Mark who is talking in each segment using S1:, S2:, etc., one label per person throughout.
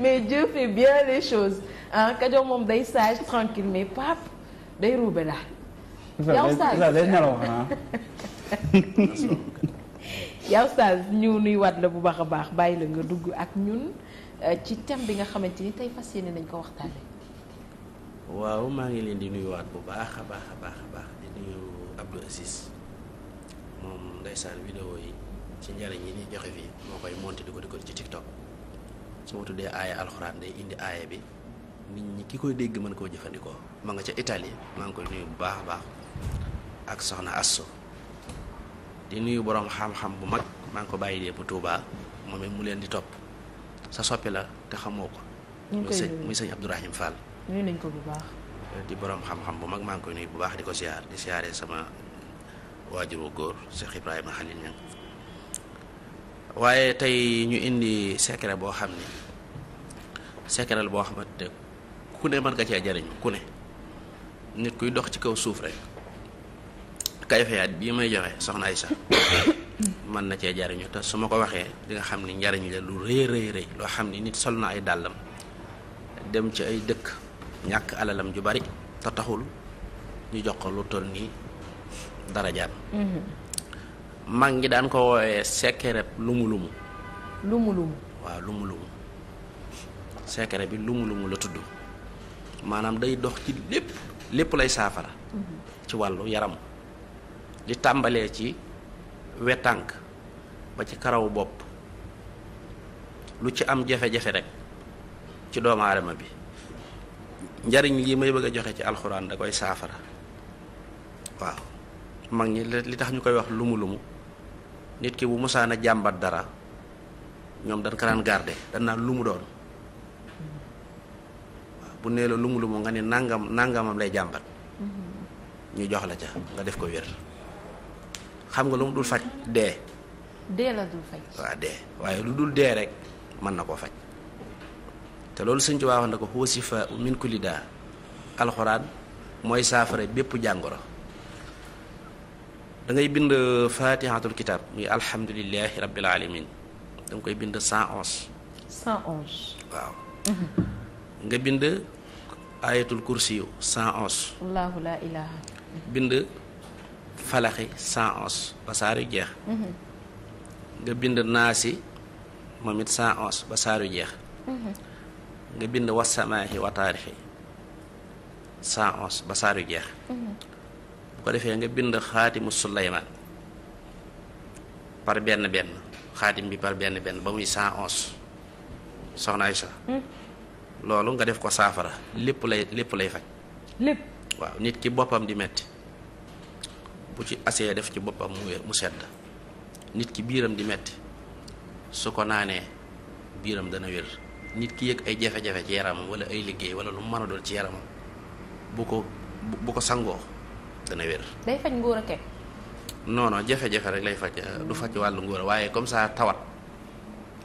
S1: mais Dieu fait bien les choses ah Kajoor moom day sage tranquille mais pap day ruube daal. yow Saal yow Saal ñu nuyuwaat la bu baax a baax bàyyi la nga dugg ak ñun euh, ci thème bi nga xamante ni tey fas yéene nañ ko waxtaanee.
S2: waaw maa ngi leen di nuyuwaat bu baax a baax a baax a baax di nuyu Abdou Assis moom ndeysaan vidéo yi ci njariñ yi ñuy joxe fii moo koy monté di ko dugal ci TikTok. su ma tuddee aaya alxuraan day indi aaya bi nit ñi ki koy dégg mën koo jëfandikoo ma nga ca Italie maa ngi koy nuyu bu baax a baax ak soxna Asso di nuyu boroom xam-xam bu mag maa ngi ko bàyyi dee bu Touba mu leen di topp sa soppi te xamoo ko. koy nuyu muy sëñ Abdourahim ko bu baax. di borom xam bu mag maa ngi bu baax di ko siyaar di siyaaree sama waajur wu góor Cheikh Ibrahima Khalil Niang. waaye tey ñu indi secret boo xam ni secret boo xamante ku ne mën nga cee jariñu ku ne nit kuy dox ci kaw suuf rek kayfeyaat bii may joxe soxna ay Aïssa mën na cee jariñu te su ma ko waxee di nga xam ni njariñ la lu rëy rëy rëy loo xam ni nit sol na ay dàllam dem ci ay dëkk ñàkk alalam ju bari te taxul ñu jox ko lu toll nii darajaam mm-hmm. mag ñi daan ko woowee sekere lumu lumu. lumu lumu. waaw lumu lumu sekere bi lumu lumu la tudd maanaam day dox ci lépp lépp lay saafara. Mhm. ci wàllu yaram li tàmbalee ci wetànk ba ci karawu bopp lu ci am jafe-jafe rek ci doomu aadama bi njariñ lii may bëgg a joxe ci alxuraan da koy saafara waaw mag ñi li tax ñu koy wax lumu lumu nit ki bu mosaan a jàmbat dara ñoom dañ ko daan garde dañ lu mu doon bu nee la lu mu lu mu nga ne nangam nangamam lay jàmbat ñu jox la ca nga def ko wér xam nga lu mu dul faj dee.
S1: dee la dul faj.
S2: waaw dee waaye lu dul dee rek mën na koo faj te loolu sëñ Tuubaa ko huwa sifa min kulli alxuraan mooy saafara bépp jàngoro. da ngay bind fatihatul kitab muy alhamdulilahi rabbil alamin da koy bind cent onze
S1: cent onze waaw mhm.
S2: nga bind ayatul kursi yu cent onze bind falaxi cent onze ba yu jeex mhm. nga bind naasi moom it cent onze ba yu jeex mhm. nga bind wasamaahi wa taarixi cent onze yu jeex bu ko defee nga bind xaatimu Suleymaan par benn benn xaatim bi par benn benn ba muy cent onze soxna Aïcha hmm? loolu nga def ko saafara lépp lay lépp lay faj lépp waaw nit ki boppam di metti bu ci asee def ci boppam mu sedd nit ki biiram di metti su ko naanee biiram dana wér nit ki yëg ay jafe-jafe ci yaramam wala ay liggéey wala lu mu mën a doon ci yaramam bu ko bu ko sangoo dana wér.
S1: day faj ngóor a teg.
S2: non non jafe rek lay faj eh, du faj wàllu ngóor waaye comme ça tawat.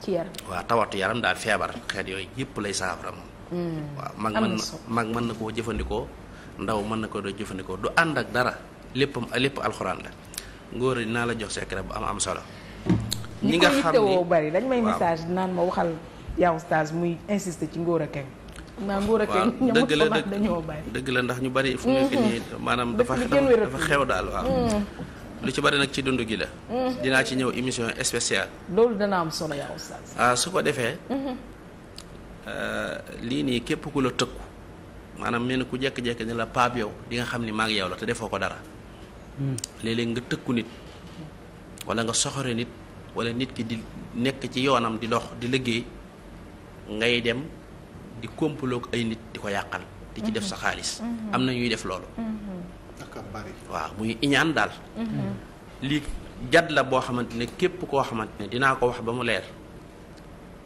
S2: ci yaram waaw tawatu yaram daal feebar xeet yooyu yëpp lay saafara moom. Hmm. mag mën na mag mën na koo jëfandikoo ndaw mën na ko doo jëfandikoo du ànd ak dara léppam lépp alxuraan la ngóor dinaa la jox secret bu am am solo. ñi nga xam ni bari dañ may message
S1: naan ma waxal yaa oustaz muy insister ci ngóor a keng waaw dëgg la
S2: dëgg la ndax ñu bari fu nekk mm-hmm. nii maanaam dafa xew daal waaw. Mm. lu ci bari nag ci dund gi la. Mm. dinaa ci ñëw émission spéciale.
S1: loolu dana am solo
S2: ah, su ko defee. Mm-hmm. Euh, lii nii képp ku la tëkku maanaam mel ni ku jékki-jékki ne la paab yow di xam ni maag yow la te defoo ko dara. Mm. léeg-léeg nga tëkku nit wala nga soxore nit wala nit ki di nekk ci yoonam di dox di liggéey ngay dem. di complot ak ay nit di ko yàqal. di ci def sa xaalis. Mm-hmm. am na ñuy def loolu. Mm-hmm. waaw muy iñaan daal. Mm-hmm. lii jat la boo xamante ne képp koo xamante ne dinaa ko wax ba mu leer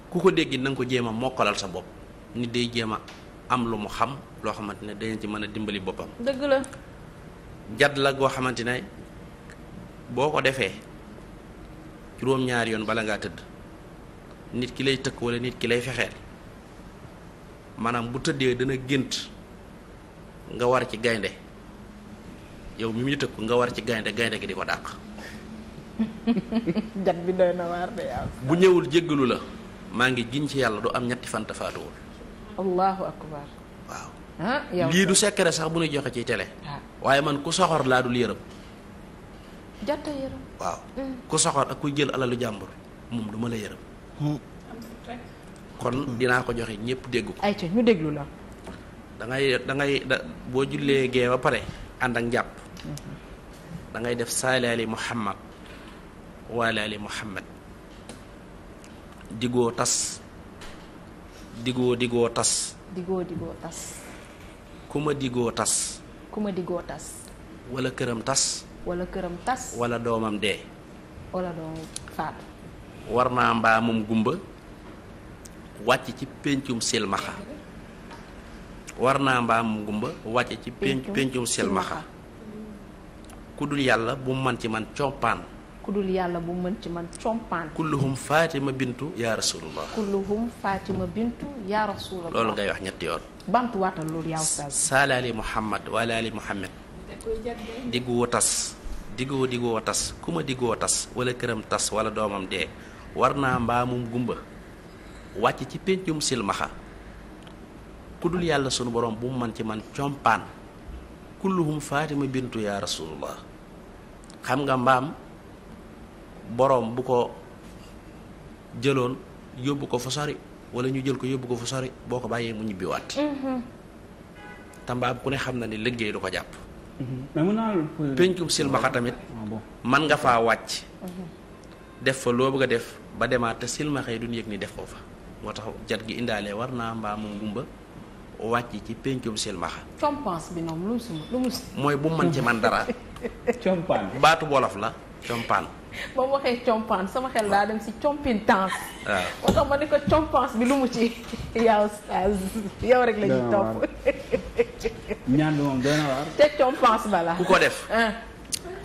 S2: ku ko dégg nanga ko jéem a mokkalal sa bopp nit day jéem a am lu mu xam loo xamante ne dañ ci mën a dimbali boppam. dëgg la. jat la goo xamante ne boo ko defee juróom-ñaari yoon bala ngaa tëdd nit ki lay tëkk wala nit ki lay fexeel. maanaam bu tëddee dana gént nga war ci gaynde yow mi muy tëkku nga war ci gaynde gaynde gi di ko dàq.
S1: jat bi doy na waar
S2: bu ñëwul jéggalu la maa ngi giñ ci yàlla du am ñetti fan faatuwul.
S1: waaw. lii du
S2: secret sax bu ñuy joxe ci télé. waaye man ku soxor laa dul yërëm. jàtta yërëm. waaw mm. ku soxor ak kuy jël alalu jàmbur moom du la yërëm. kon dinaa ko joxe ñëpp dégg ko.
S1: ayca ñu déglu la.
S2: dangay dangay boo jullee gee ba pare ànd ak njàpp. Mhm. dangay def saalaali muhammad waalaali muhammad digoo tas digoo digoo tas.
S1: digoo digoo tas.
S2: kuma digoo tas.
S1: kuma digoo tas.
S2: wala këram tas.
S1: wala këram tas.
S2: wala doomam dee.
S1: wala doomam faatu.
S2: war naa mbaa gumba. wàcc ci péncum silmaxa war naa mbaam ngumba wàcc ci pénc péncum silmaxa ku dul yàlla bu mën ci man compaan
S1: ku dul yàlla bu mën ci man compaan kulluhum
S2: fatima bintu yaa rasulullah
S1: kulluhum fatima bintu yaa rasulullah loolu
S2: ngay wax ñetti yoon
S1: bamtuwaatal loolu yaa ustaz
S2: saalaali muhammad waalaali muhammad digguwa tas diggoo diggoo tas ku ma diggoo tas wala këram tas wala doomam dee war naa mbaamum gumba wàcc ci péncum silmaxa ku dul yàlla sunu borom bu mu man ci man compaan kulluhum ma bintu yaa rasulullah xam nga mbaam boroom bu ko jëloon yóbbu ko fa sori wala ñu jël ko yóbbu ko fa sori boo ko bàyyee mu ñibbiwaat mm-hmm. te mbaam ku ne xam na ni liggéey du ko jàpp
S3: mm-hmm.
S2: péncum silmaxa tamit ah, man nga faa wàcc mm-hmm. def fa loo bëgg a def ba demaat te silmaxa yi duñ yëg ni def ko fa moo tax jat gi indaalee war naa mbaa mu ngumba wàcc ci péncum silmaxa
S1: compense bi noonu lu mu lu mu mooy
S2: bu man ci man dara compaan baatu wolof la compaan
S1: ba mu waxee compaan sama xel daa dem si compintance waaw moo tax ma compance bi lu ci yow rek la ñuy topp
S3: ñaan bi moom doona waar
S1: te compance bala ku ko def ah.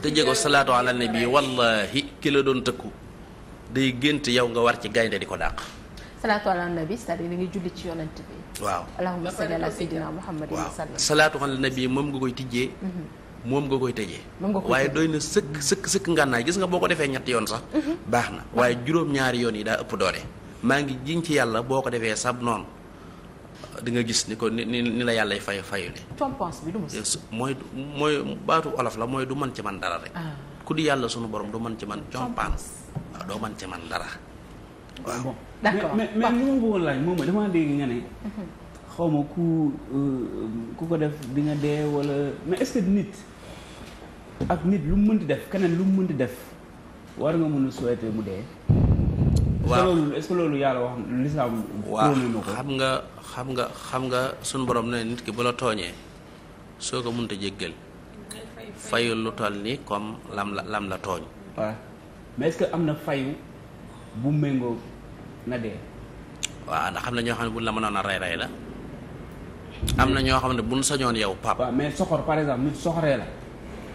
S2: te jéego salaatu ala nabi wallahi ki la doon tëkku day gént yow nga war ci gaynde di ko dàq
S1: salaatu ala nabi c'est-à-dire da ngay julli ci yonent bi. waaw allahumma salli ala sayyidina muhammad wa sallam.
S2: salaatu ala nabi moom nga koy tijjee. Mhm. moom nga koy tëjee. waaye doy na sëkk sëkk sëkk ngànnaay gis nga boo ko defee ñetti yoon sax. Mhm. baax na waaye juróom-ñaari yoon yi daa ëpp doole. maa ngi jiñ ci yàlla boo ko defee sab noonu di nga gis ni ko ni ni la yàlla fay fayule. compense bi du ma mooy mooy baatu olof la mooy du mën ci man dara rek. Ah. ku di yàlla sunu borom du mën ci man. compense waaw doo mën ci man dara.
S3: waaw ah bon d'accord mais mais li ma bëggoon laaj moom mooy damaa dégg nga ne. Mhm. xaw ma ku euh, ku ko def di nga dee wala mais est-ce que nit ak nit lu mu mënti def keneen lu mu mënti def war nga mën a souhaiter mu dee. waaw est ce que loolu yàlla wax lislaam waaw xam
S2: nga xam nga xam nga suñ borom ne nit ki bu la tooñee soo ko mënta jéggal fayul lu toll ni comme lam la lam la tooñ.
S3: waaw mais est ce que am na fayu bu méngoo na dee.
S2: waaw ndax xam na ñoo xam ne buñ la mënoon a rey rey la. am na ñoo xam ne buñ sañoon yow pap waaw
S3: mais soxor par exemple nit soxoree la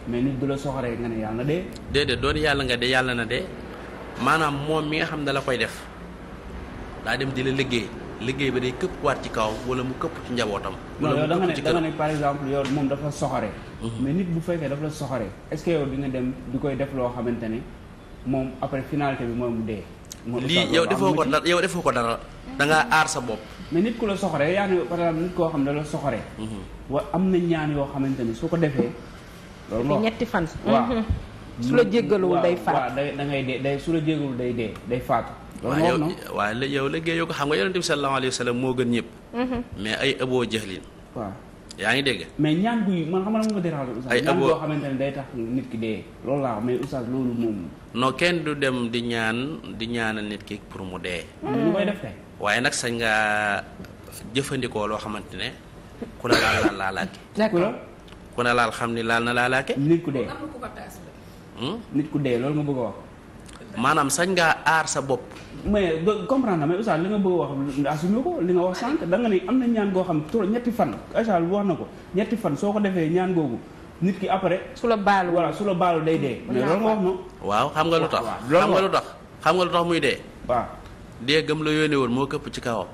S3: mais nit du la soxoree nga ne yàlla na dee.
S2: déedéet doon yàlla nga de yàlla na de maanaam moom mi nga xam ne la koy def daa dem di la liggéey liggéey ba day këpp waat ci kaw wala mu këpp ci njabootam. wala mu këpp ci da nga
S3: ne par exemple yow moom dafa soxoree. Mhm. mais nit bu fekkee dafa la soxoree est-ce que yow di nga dem di koy def loo xamante ne moom après bi mooy dee.
S2: lii yow defoo ko dara yow defoo ko da ngaa aar sa bopp. mais nit
S3: ku la soxoree yaa ne par nit koo xam ne la soxoree. Mhm. wa am yoo xamante ne su ko defee. loolu ñetti fan. waaw mhm. su la jéggaluwul day faatu. waaw da ngay dee day su la jéggaluwul day dee day faatu. waaw yow
S2: waaw yow liggéey yoo ko xam nga yonent bi sallallahu alayhi wa moo gën ñëpp. Mhm. mais ay jëxlin waaw yaa ngi dégg. mais ñaan guy man xam nga
S3: ma déranger oustaz. ay abo ñaan boo xamante ne day tax nit ki dee. loolu laa xam mais oustaz loolu moom.
S2: non kenn du dem di ñaan di ñaana nit ki pour mu dee. ñu hmm. waaye nag sañ nga jëfandikoo loo xamante ne ku la laal laal laalaake. d'accord ku la laal xam ni laal na laalaake. nit ku dee. Hmm? nit ku dee loolu nga bëgg wax.
S3: maanaam sañ ngaa aar sa bopp. mais comprendre mais Oustaz li nga bëgg wax assumé ko li nga wax sànq da nga ne am na ñaan goo xam trop ñetti fan Aïcha wax na ko ñetti fan soo ko defee ñaan googu nit ki après. su la baalu voilà su la baalu day dee. mais loolu nga wax moom.
S2: waaw xam nga lu tax xam nga lu tax xam nga lu tax muy dee. waaw dee gëm la yoone woon moo këpp ci kawam.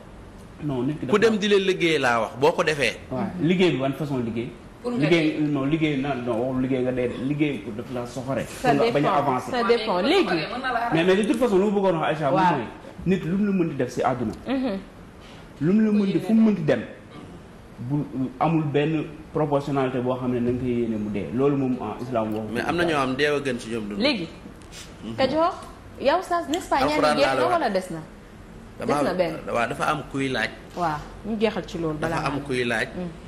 S2: non nit ki ku dem di leen liggéey laa wax boo ko defee. waaw
S3: liggéey bi ban façon liggéey. liggéey non liggéey na liggéey nga dee liggéey pour daf la soxore pour nga bañ a avancer ça dépend
S1: léegi mais
S3: mais de toute façon lu ma bëggoon wax Aïcha mooy nit lu mu la mën di def si àdduna mm-hmm. lu mu la mun di fu mu mun di dem bu amul benn proportionnalité boo xam ne na nga koy yéene mu
S2: dee loolu moom en ah, islam mais am na ñoo am deew a gën si ñoom dund léegi mm-hmm. Kajoor
S1: yow sax nest sa pas ñaari jeex na wala des na
S2: des na benn waaw dafa am kuy laaj
S1: waaw ñu jeexal ci loolu balaa
S2: am kuy laaj mm.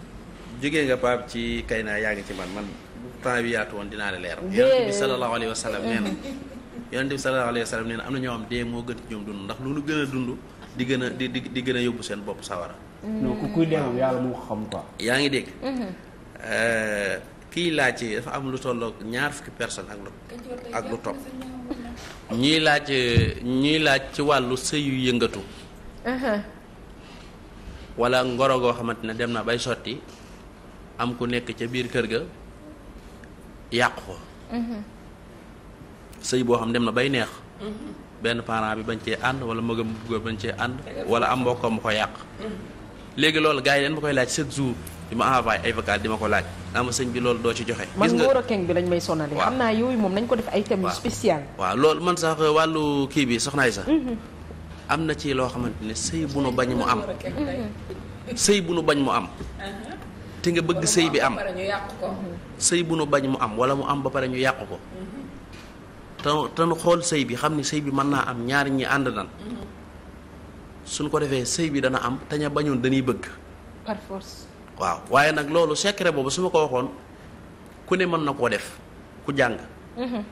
S2: jógee nga Pape ci kay naa yaa ngi ci man man temps yaatu woon dinaa la leer yonent bi sallallahu alayhi wa sallam
S1: bi
S2: sallallahu alayhi wa am na ñoo am dee moo gën ci ñoom ndax lu lu gën a dund di gën a di di gën a yóbbu seen bopp sawara mm. non xam quoi yaa ngi dégg mm-hmm. euh, kii laaj dafa am lu tolloog ñaar fukki personne ak lu lu topp ñuy laaj ñuy laaj ci wàllu sëy yu yëngatu mm-hmm. wala ngoro goo xamante ne dem na bay sotti am ku nekk ca biir kër ga yàqu ko mhm. sëy boo xam dem na bay neex benn parent bi bañ cee ànd wala magam góor bañ cee ànd wala am mbokkam mu ko yàq léegi loolu gars yi dañ ma koy laaj chaque jour di ma envoyé ay vocal di ma ko laaj ama sëñ bi loolu doo ci joxe man ngóor a
S1: keng bi lañ may sonale xam naa yooyu moom nañ ko def ay thème spécial
S2: waaw loolu man sax wàllu kii bi soxnaay sax mhm. am na ci loo xamante ne sëy bu nu bañ mu am
S3: mhm.
S2: sëy bu nu bañ mu am te nga bëgg sëy bi am sëy bu nu bañ mu am wala mu am ba pare ñu yàq ko te nu xool sëy bi xam ne sëy bi mën naa am ñaari ñi ànd nan suñ ko defee sëy bi dana am te ña bañoon dañuy bëgg par waaw waaye nag loolu secret boobu su ma ko waxoon ku ne mën na koo def ku jàng mhm.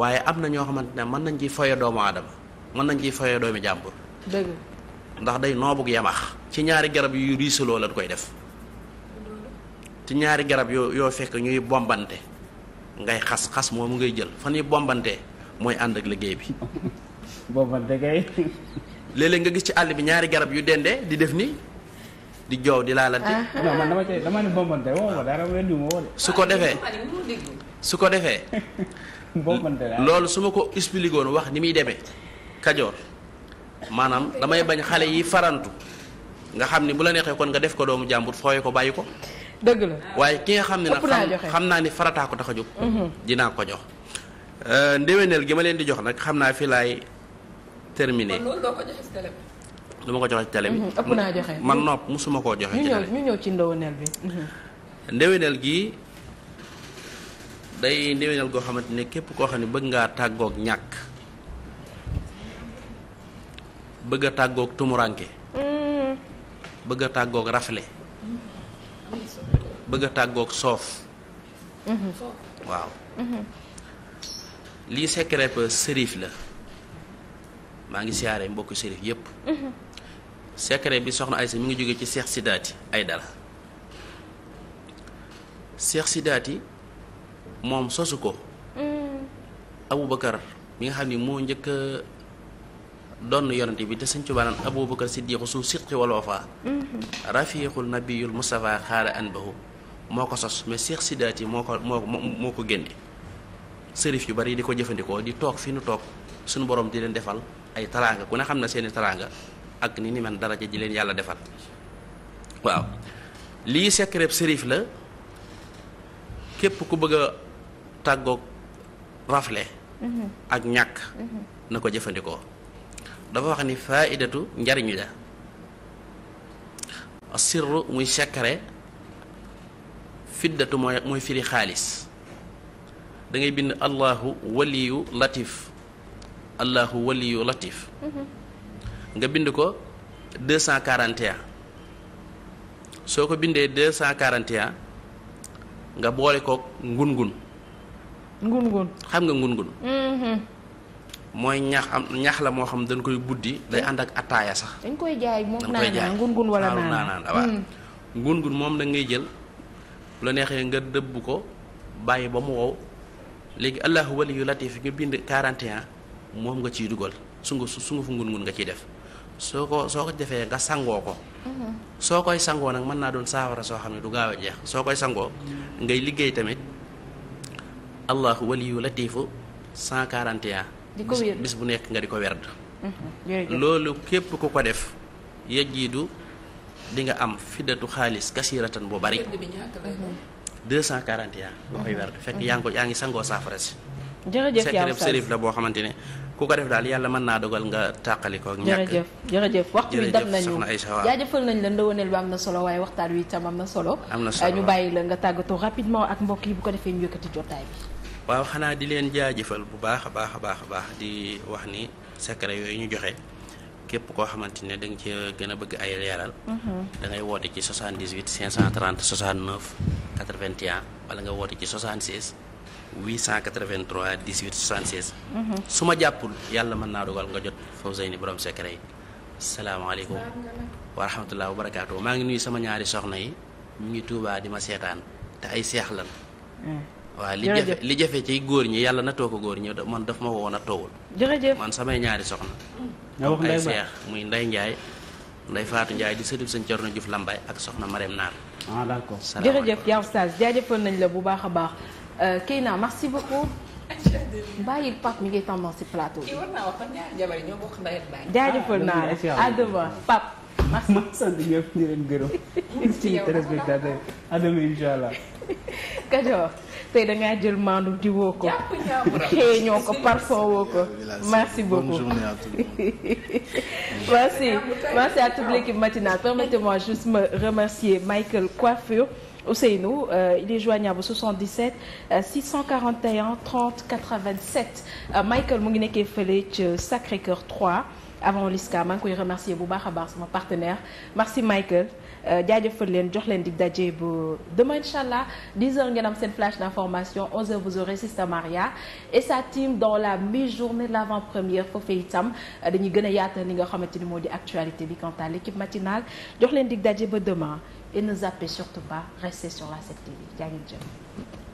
S2: waaye am na ñoo xamante ne mën nañ ciy foye doomu aadama mën nañ ciy foye doomi jàmbur ndax ndax noo bugg yamax ci ñaari garab yu la du koy def te ñaari garab yoo yoo fekk ñuy bombante ngay xas xas moomu ngay jël fa ñuy bombante mooy ànd ak liggéey bi.
S3: bombante kay.
S2: léeg nga gis ci àll bi ñaari garab yu dendee di def nii di joow di laalante. Ah. non man
S3: dama ma
S2: dara wala diw ma woo de. su ko defee su ko defee. bombante loolu su ma ko expliqué woon wax ni muy demee kajoor maanaam damay bañ xale yi farantu nga xam ni bu la neexee kon nga def ko doomu jàmbur fooye ko bàyyi ko. dëgg la waaye ki nga xam ne nag xam naa ni farataa ko tax a jóg mhm. dinaa ko jox euh, ndéwéneel gi ma leen di jox nag xam naa fi laay terminé du ma ko joxe ci télé bi mhm, ëpp naa joxe man nopp mosuma koo joxe ci télé
S1: ñëw ci ndéwéneel bi mhm.
S2: ndéwéneel gi day ndéwéneel goo xamante ne képp koo xam ne bëgg ngaa tàggook ñàkk bëgg a tàggoog tumuranke bëgg a tàggoog rafle bëgg a soof. Mhm. waaw. Mhm. lii secret ba sërif la maa ngi siyaaree mbokk sërif yépp mhm. secret bi soxna Aysa mu ngi jóge ci Seex Sidaati ay dara Seex Sidaati moom sosu ko. Aboubacar mi nga xam ni moo njëkk a doon bi te sëñ Tuubaa naan Aboubacar Siddiqu su sidqi wal wafaa rafiiqul nabiyul Mustafaa xaara anbahu moo ko sos mais Cheikh yi moo ko moo moo ko génne sërif yu bari di ko jëfandikoo di toog fi nu toog suñu boroom di leen defal ay taraanga ku ne xam na seeni taraanga ak ni ni man daraja ji leen yàlla defal waaw lii secret sërif la képp ku bëgg a tàggoog rafle mm-hmm. ak ñàkk mm-hmm. na ko jëfandikoo dafa wax ni faidatu njariñu la sirru muy secret fiddatu mooy mooy firi xaalis dangay bind allahu waliyu latif allahu waliyu latif mm-hmm. nga bind ko 241 soo ko bindee 241 nga boole kook ngun-ngun ngun-ngun xam nga ngun-ngun mm-hmm. mooy ñax am ñax la moo xam dañ koy buddi day mm-hmm. ànd ak attaaya sax
S1: dañ koy jaay moom naanaan ngun-ngun wala mm.
S2: ngun-ngun moom da jël bu la neexee nga dëbb ko bàyyi ba mu wow léegi allahu waliyu latif nga bind 41 moom nga ciy dugal sungu sungu fu ngun ngun nga ciy def soo ko soo ko defee nga sangoo ko mm-hmm. soo koy sangoo nag mën naa doon saafara soo xam ne du gaaw a jeex soo koy sangoo ngay liggéey tamit allahu waliyu latifu 141 bis bu nekk nga di ko werd
S1: mm-hmm.
S2: loolu képp ku ko def yejjiidu di nga am fiddatu xaalis kasiratan bu bari.
S1: 241.
S2: Mhm. boo koy werd fekk mhm. yaa ngi ko yaa ngi sangoo saafara si.
S1: jërëjëf yaa sërif
S2: la boo xamante ne ku ko def daal yàlla mën naa dogal nga tàqali ko. ñàkk jërëjëf jërëjëf waxtu wi dab nañu
S1: jaajëfal nañ la ndëwaneel bi am na solo waaye waxtaan wi cam am na solo. am na solo ñu bàyyi la nga tàggatoo rapidement ak mbokk yi bu ko defee ñu yëkkati jotaay bi.
S2: waaw xanaa di leen jaajëfal bu baax a baax a baax a baax di wax ni secret yooyu ñu joxe. képp koo xamante ne da nga cee gën a bëgg ay leeral. Mhm. da ngay woote ci 78 530 69 81 wala nga woote ci 76 883 18 76. su ma jàppul yàlla mën naa dogal nga jot Fawzeyni borom secret yi salaamaaleykum wa rahmatulah wa barakaatu maa ngi nuyu sama ñaari soxna yi ñu ngi tuubaa di ma seetaan te ay seex lan. Mm. waa li jafe li jafe ci góor ñi yàlla na toog ko góor ñi man daf ma woo a toowul. jërëjëf man samay ñaari
S1: ñoo wax Ndeye
S2: muy Ndeye Ndiaye Ndeye Fatou Ndiaye di sëriñ sëñ na Diouf Lambaye ak soxna Marème Naar. ah d'accord jërëjëf
S1: yaa Oustaz jaajëfal nañ la bu baax a baax euh, Keyna merci beaucoup. bàyyil Pape mi ngi tàmbali si plateau bi. jaajëfal ah, naa la à demain
S3: ma sant ñëpp di leen gërëm ci téléspectateur à demain
S1: jël maandu di woo ko xeeñoo ko parfum woo ko merci beaucoup merci merci à toute l'équipe matinale permettez-moi juste me remercier Michael Coiffure Ousseynou euh, il est joignable 77 euh, 641 30 87 euh, Michael mu ngi nekkee fële ca Sacré-Cœur 3 avant Liska maa ngi koy remercier bu baax a baax sama partenaire merci Michael euh, jaajëfal leen jox leen dig daje ba demain incha allah 10h ngeen am seen flash d'information 11h vous aurez Sista Maria et sa team dans la mi-journée de l'avant-première foofee itam euh, dañuy gën a yaatal li nga xamante ni moo di actualité bi quant à l'équipe matinale jox leen dig daje ba demain et ne zappez surtout pas restez sur la 7TV jaa ngeen jëf